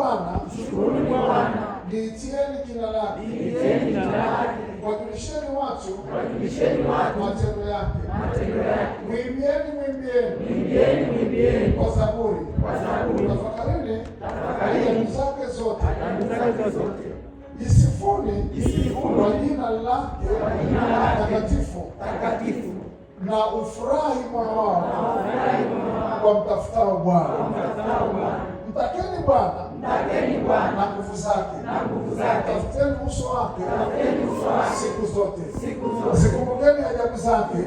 Bwana, mshukuruni Bwana, liitieni jina lake, liitieni jina lake, watu, watu, matendo yake, matendo yake, mwimbieni, mwimbieni, mwimbieni, mwimbieni kwa zaburi, kwa tafakarini, tafakarini zake zote, adamu zote, isifuni, isifuni kwa jina lake, kwa jina lake takatifu, takatifu na ufurahi moyo wao, kwa mtafutao Bwana, mtakeni Bwana mtakeni Bwana na nguvu zake, tafuteni uso wake siku zote, zikumbukeni ajabu zake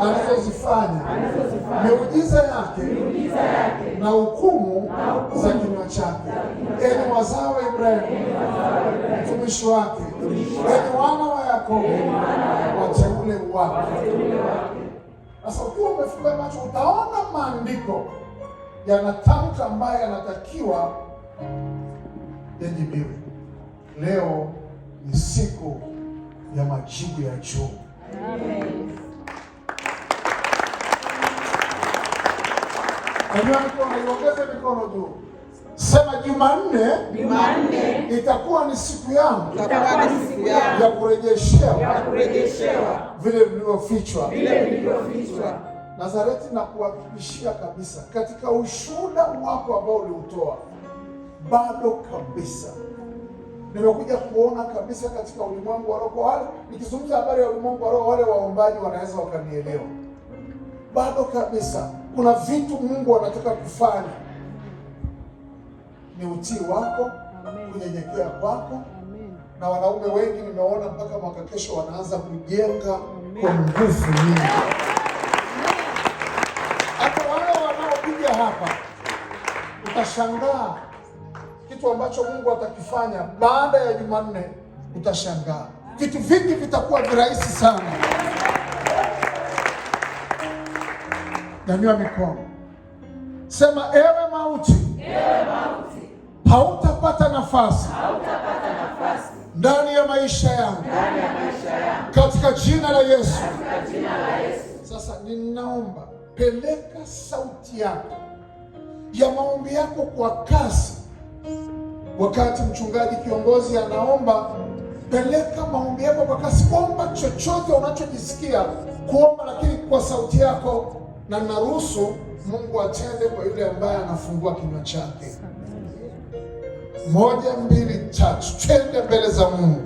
alizozifanya miujiza yake na hukumu za kinywa chake. Eni wazao wa Ibrahimu mtumishi wake, eni wana wa Yakobo wateule wake. Sasa ukiwa umefunga macho, utaona maandiko yanatamka ambayo yanatakiwa yajibiwe. Leo ni siku ya majibu ya juu. Kanyua mikono, iongeze mikono juu. Sema Jumanne, Jumanne itakuwa ni siku yangu ya kurejeshewa vile vilivyofichwa. Nazareti, na kabisa katika ushuhuda wako ambao uliutoa bado kabisa. Nimekuja kuona kabisa katika ulimwengu wa roho wale, nikizungumza habari ya ulimwengu wa roho, wale waombaji wanaweza wakanielewa. Bado kabisa kuna vitu Mungu anataka kufanya, ni utii wako, kunyenyekea kwako. Na wanaume wengi nimeona mpaka mwaka kesho wanaanza kujenga kwa nguvu nyingi, hata wale wanaokuja hapa utashangaa kitu ambacho Mungu atakifanya baada ya Jumanne utashangaa. Vitu vingi vitakuwa virahisi sana. Nyanyua mikono, sema ewe mauti, ewe mauti, hautapata nafasi, hautapata nafasi ndani ya maisha yangu, ndani ya maisha yangu, katika jina la Yesu, katika jina la Yesu. Sasa ninaomba peleka sauti yako ya maombi yako kwa kasi Wakati mchungaji kiongozi anaomba, peleka maombi yako kwa kasi. Omba chochote unachojisikia kuomba, lakini kwa sauti yako, na naruhusu Mungu atende kwa yule ambaye anafungua kinywa chake. Moja, mbili, tatu, twende mbele za Mungu.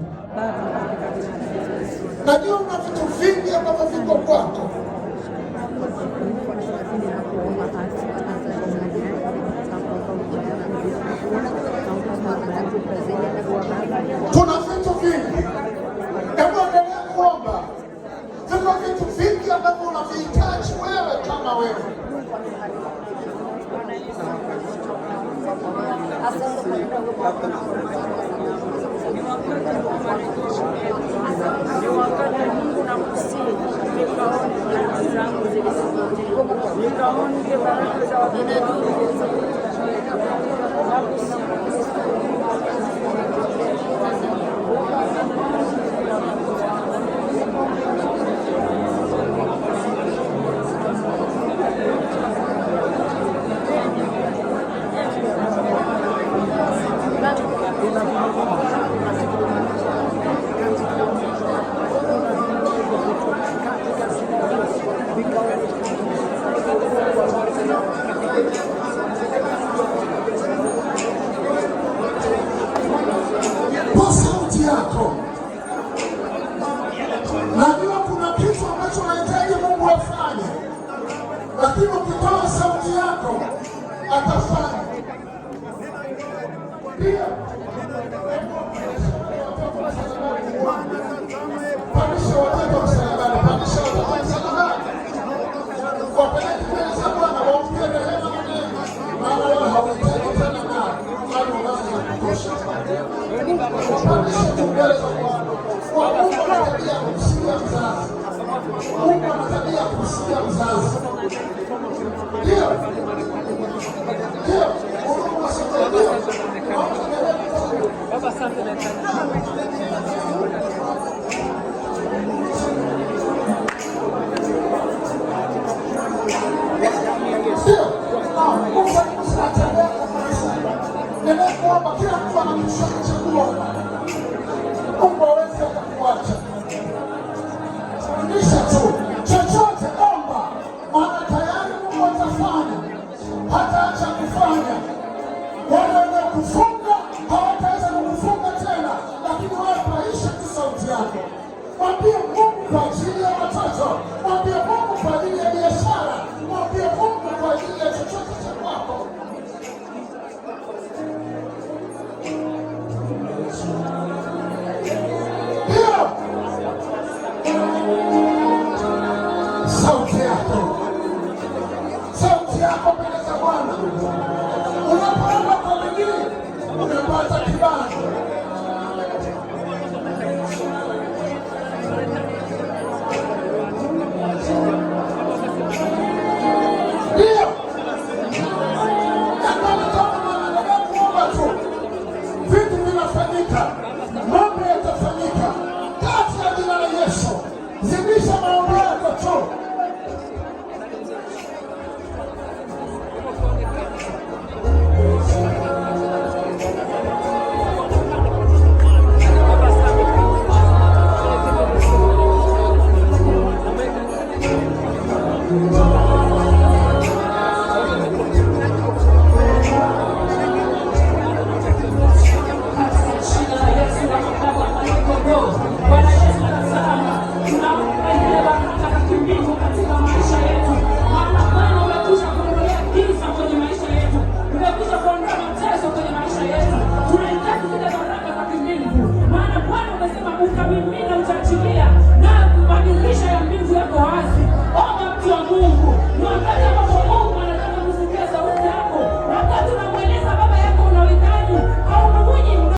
Najua una vitu vingi ambavyo viko kwako Lakini ukitoa sauti yako atafanya. Pia pandisha watoto msalabani, pandisha watoto msalabani, wapeleke mbele za Bwana, waombie rehema Mungu, maana wao hawahitaji tena mali, bali wanazo za kutosha. Wapandishe tu mbele za Bwana, kwa Mungu ana tabia ya kumsikia mzazi. Mungu ana tabia ya kumsikia mzazi. ukamimina uchachi